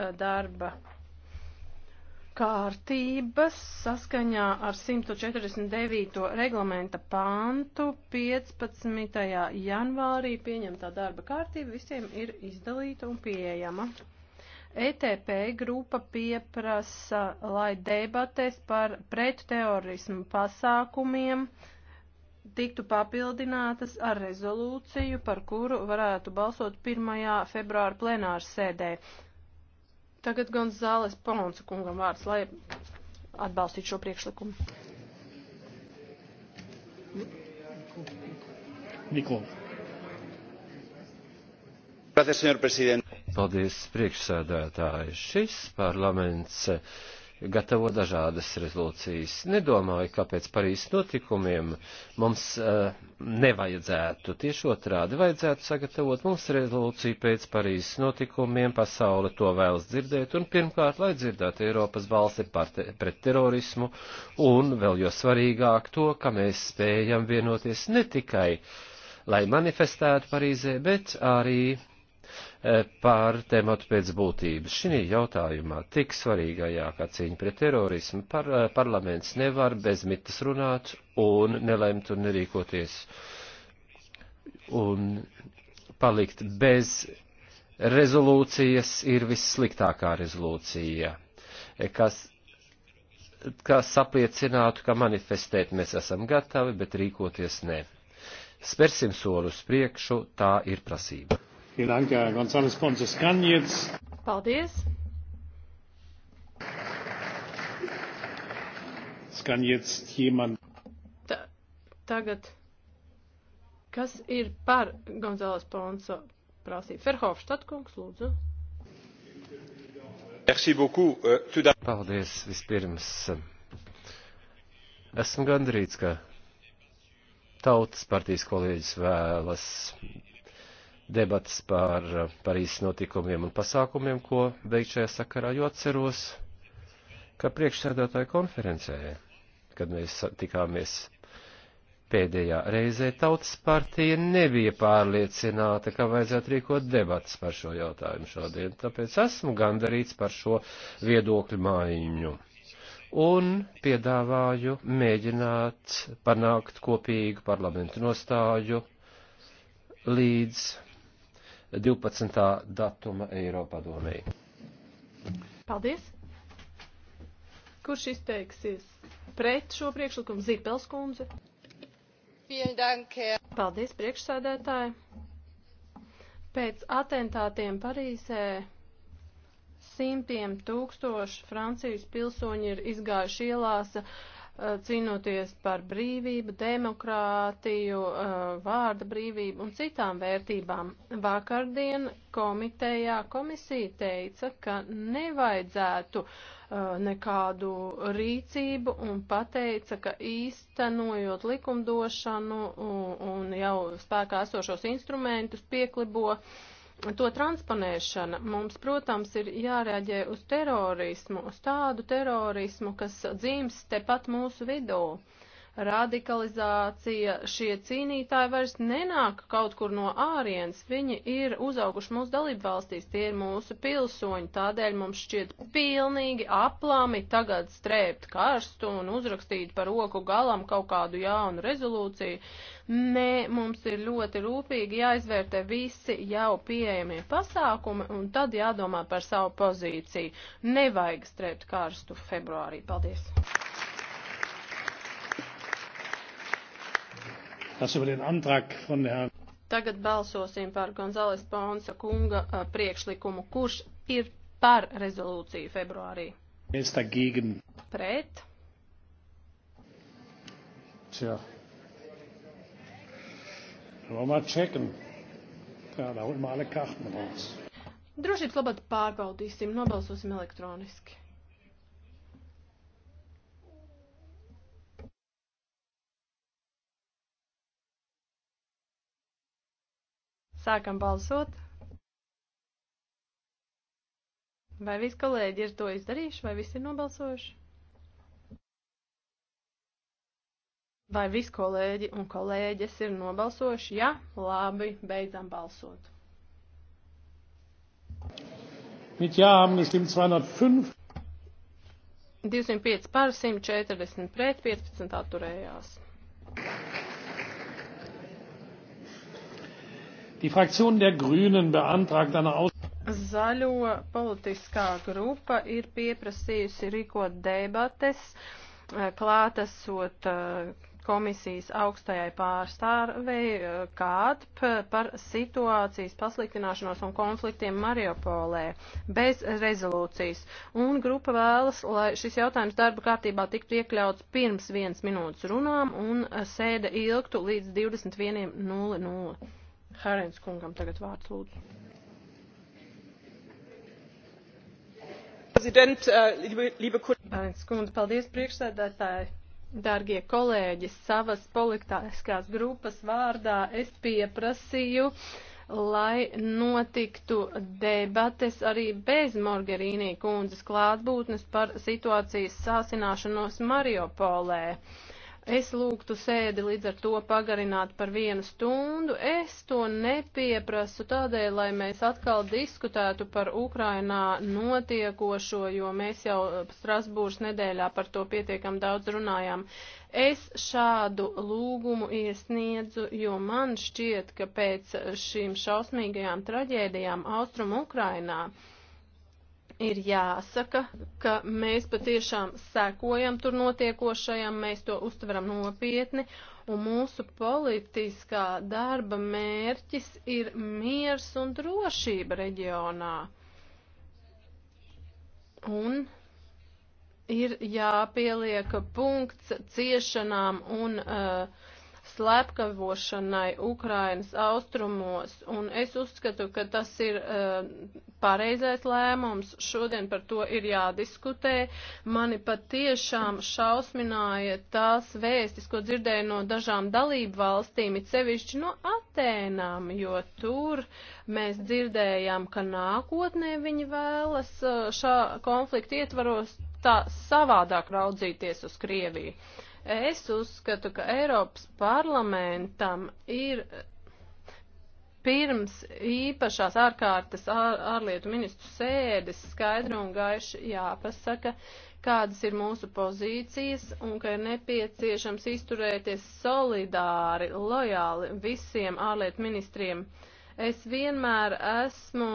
Eh, darba kārtības saskaņā ar 149. reglamenta pāntu 15. janvārī pieņemtā darba kārtība visiem ir izdalīta un pieejama. ETP grupa pieprasa, lai debatēs par pretteorismu pasākumiem tiktu papildinātas ar rezolūciju, par kuru varētu balsot 1. februāra plenāra sēdē. Tagad gan zāles Palonsa kungam vārds, lai atbalstītu šo priekšlikumu. Nikola. Paldies, priekšsēdētāji. Šis parlaments gatavo dažādas rezolūcijas. Nedomāju, kāpēc Parīzes notikumiem mums uh, nevajadzētu. Tieši otrādi vajadzētu sagatavot mums rezolūciju pēc Parīzes notikumiem, pasaule to vēlas dzirdēt, un pirmkārt, lai dzirdētu Eiropas valsti te, pret terorismu, un vēl jo svarīgāk to, ka mēs spējam vienoties ne tikai, lai manifestētu Parīzē, bet arī Eh, pār tematu pēc būtības. Šī jautājumā tik svarīgajā kā cīņa pret terorismu par, eh, parlaments nevar bez mitas runāt un nelemt un nerīkoties un palikt bez rezolūcijas ir vissliktākā rezolūcija, eh, kas, kas apliecinātu, ka manifestēt mēs esam gatavi, bet rīkoties nē. Spersim solus priekšu, tā ir prasība. Paldies! Ta, tagad, kas ir par Gonzāles Ponsa prasību? Ferhofštad kungs, lūdzu. Euh, Paldies vispirms. Esmu gandrīz, ka tautas partijas kolēģis vēlas debats par eh, Parīzes notikumiem un pasākumiem, ko veikt šajā sakarā, jo atceros, ka priekšsēdētāju konferencē, kad mēs tikāmies pēdējā reizē, tautas partija nebija pārliecināta, ka vajadzētu rīkot debatas par šo jautājumu šodien, tāpēc esmu gandarīts par šo viedokļu maiņu un piedāvāju mēģināt panākt kopīgu parlamentu nostāju līdz 12. datuma Eiropadomē. Paldies! Kurš izteiksies pret šo priekšlikumu? Zīpels kundze. Paldies, priekšsēdētāji. Pēc atentātiem Parīzē simtiem tūkstoši Francijas pilsoņi ir izgājuši ielās Eh, cīnoties par brīvību, demokrātiju, eh, vārda brīvību un citām vērtībām. Vakardien komitejā komisija teica, ka nevajadzētu eh, nekādu rīcību un pateica, ka īstenojot likumdošanu un jau spēkā esošos instrumentus pieklibo uh, to transponēšana. Mums, protams, ir jārēģē uz terorismu, uz tādu terorismu, kas dzīves tepat mūsu vidū. Uh, radikalizācija, šie cīnītāji vairs nenāk kaut kur no ārienes, viņi ir uzauguši mūsu dalību valstīs, tie ir mūsu pilsoņi, tādēļ mums šķiet pilnīgi aplami tagad strēpt karstu un uzrakstīt par roku galam kaut kādu jaunu rezolūciju. Nē, mums ir ļoti rūpīgi jāizvērtē visi jau pieejamie pasākumi un tad jādomā par savu pozīciju. Nevajag strēpt karstu februārī. Paldies! dass über den Antrag von Herrn Tagad balsosim par Gonzales Ponsa kunga priekšlikumu, kurš ir par rezolūciju februārī. Es dagegen. Pret. Tja. Wollen wir checken. Ja, da holen wir alle Karten raus. Drošības labāk pārbaudīsim, nobalsosim elektroniski. Sākam balsot. Vai visi kolēģi ir to izdarījuši, vai visi ir nobalsojuši? Vai visi kolēģi un kolēģis ir nobalsojuši? Ja, labi, beidzam balsot. Mit ja haben gestimmt 205. 205 par 140 pret 15 atturējās. Die Fraktion der Grünen beantragt eine Aus Zaļo politiskā grupa ir pieprasījusi rīkot debates eh, klātesot eh, komisijas augstajai pārstāvei eh, KATP par situācijas pasliktināšanos un konfliktiem Mariupolē bez rezolūcijas. Un grupa vēlas, lai šis jautājums darba kārtībā tiktu iekļauts pirms viens minūtes runām un sēde ilgtu līdz 21.00. Hērens kungam tagad vārds lūdzu. Prezident, uh, liebe kundze, paldies priekšsēdētāji. Dārgie kolēģi, savas politiskās grupas vārdā es pieprasīju uh, lai notiktu debates arī bez Morgerīnī kundzes klātbūtnes par situācijas sāsināšanos Mariopolē. Uh, Es lūgtu sēdi līdz ar to pagarināt par vienu stundu. Es to nepieprasu tādēļ, lai mēs atkal diskutētu par Ukrainā notiekošo, jo mēs jau Strasbūras nedēļā par to pietiekam daudz runājām. Es šādu lūgumu iesniedzu, jo man šķiet, ka pēc šīm šausmīgajām traģēdijām Austrum Ukrainā ir jāsaka, ka mēs patiešām sekojam tur notiekošajam, mēs to uztveram nopietni, un mūsu politiskā darba mērķis ir miers un drošība reģionā. Un ir jāpieliek punkts ciešanām un uh, slepkavošanai Ukrainas austrumos, un es uzskatu, ka tas ir uh, pareizais lēmums. Šodien par to ir jādiskutē. Mani pat tiešām šausmināja tās vēstis, ko dzirdēju no dažām dalību valstīm, it sevišķi no Atēnām, jo tur mēs dzirdējām, ka nākotnē viņi vēlas eh, šā konflikta ietvaros tā savādāk raudzīties uz Krieviju. Uh, Es uzskatu, ka Eiropas parlamentam ir pirms īpašās ārkārtas ār, ārlietu ministru sēdes skaidri un gaiši jāpasaka, kādas ir mūsu pozīcijas un ka ir nepieciešams izturēties solidāri, lojāli visiem ārlietu ministriem. Es vienmēr esmu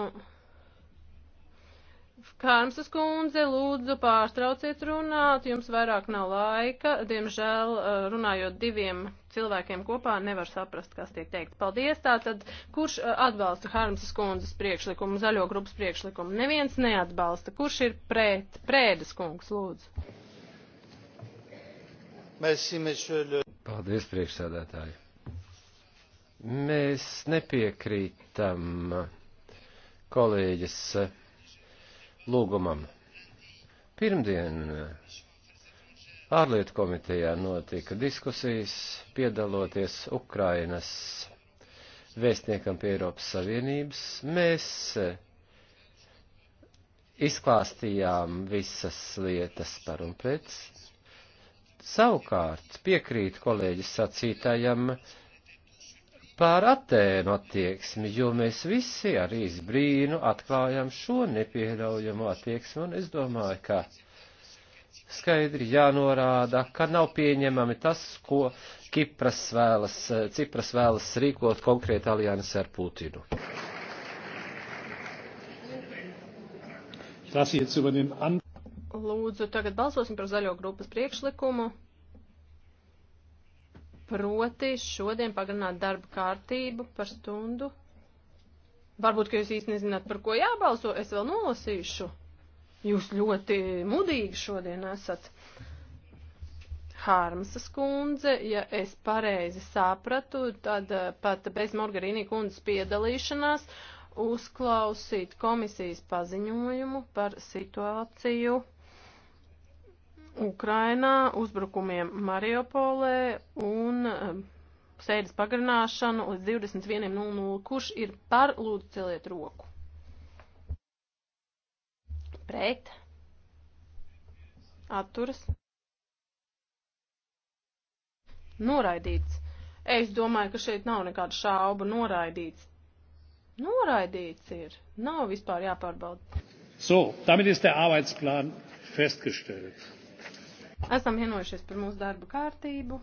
Kārmsas kundze, lūdzu pārtrauciet runāt, jums vairāk nav laika. Diemžēl uh, runājot diviem cilvēkiem kopā nevar saprast, kas tiek teikt. Paldies. Tātad, kurš uh, atbalsta Kārmsas kundzes priekšlikumu, zaļo grupas priekšlikumu? Neviens neatbalsta. Kurš ir pret? Prēdes kungs, lūdzu. Paldies, priekšsēdētāji. Mēs nepiekrītam kolēģis lūgumam. Pirmdien eh, ārlietu komitejā notika diskusijas, piedaloties Ukrainas vēstniekam pie Eiropas Savienības. Mēs eh, izklāstījām visas lietas par un pēc. Savukārt piekrīt kolēģis sacītājam, uh, pār Atēnu attieksmi, jo mēs visi ar izbrīnu atklājam šo nepieļaujamo attieksmi, un es domāju, ka skaidri jānorāda, ka nav pieņemami tas, ko Kipras vēlas, Cipras vēlas rīkot konkrēti aliansi ar Putinu. Lūdzu, tagad balsosim par zaļo grupas priekšlikumu proti šodien pagarināt darba kārtību par stundu. Varbūt, ka jūs īsti nezināt, par ko jābalso, es vēl nolasīšu. Jūs ļoti mudīgi šodien esat. Hārmsas kundze, ja es pareizi sapratu, tad eh, pat bez Morgarīnī kundzes piedalīšanās uzklausīt komisijas paziņojumu par situāciju Ukrainā, uzbrukumiem Mariupolē un um, sēdes pagarināšanu līdz 21.00. Kurš ir par lūdzu celiet roku? Pret. Atturas. Noraidīts. Es domāju, ka šeit nav nekāda šauba. Noraidīts. Noraidīts ir. Nav vispār jāpārbauda. So, damit ist der Arbeitsplan festgestellt. Esam vienojušies par mūsu darba kārtību.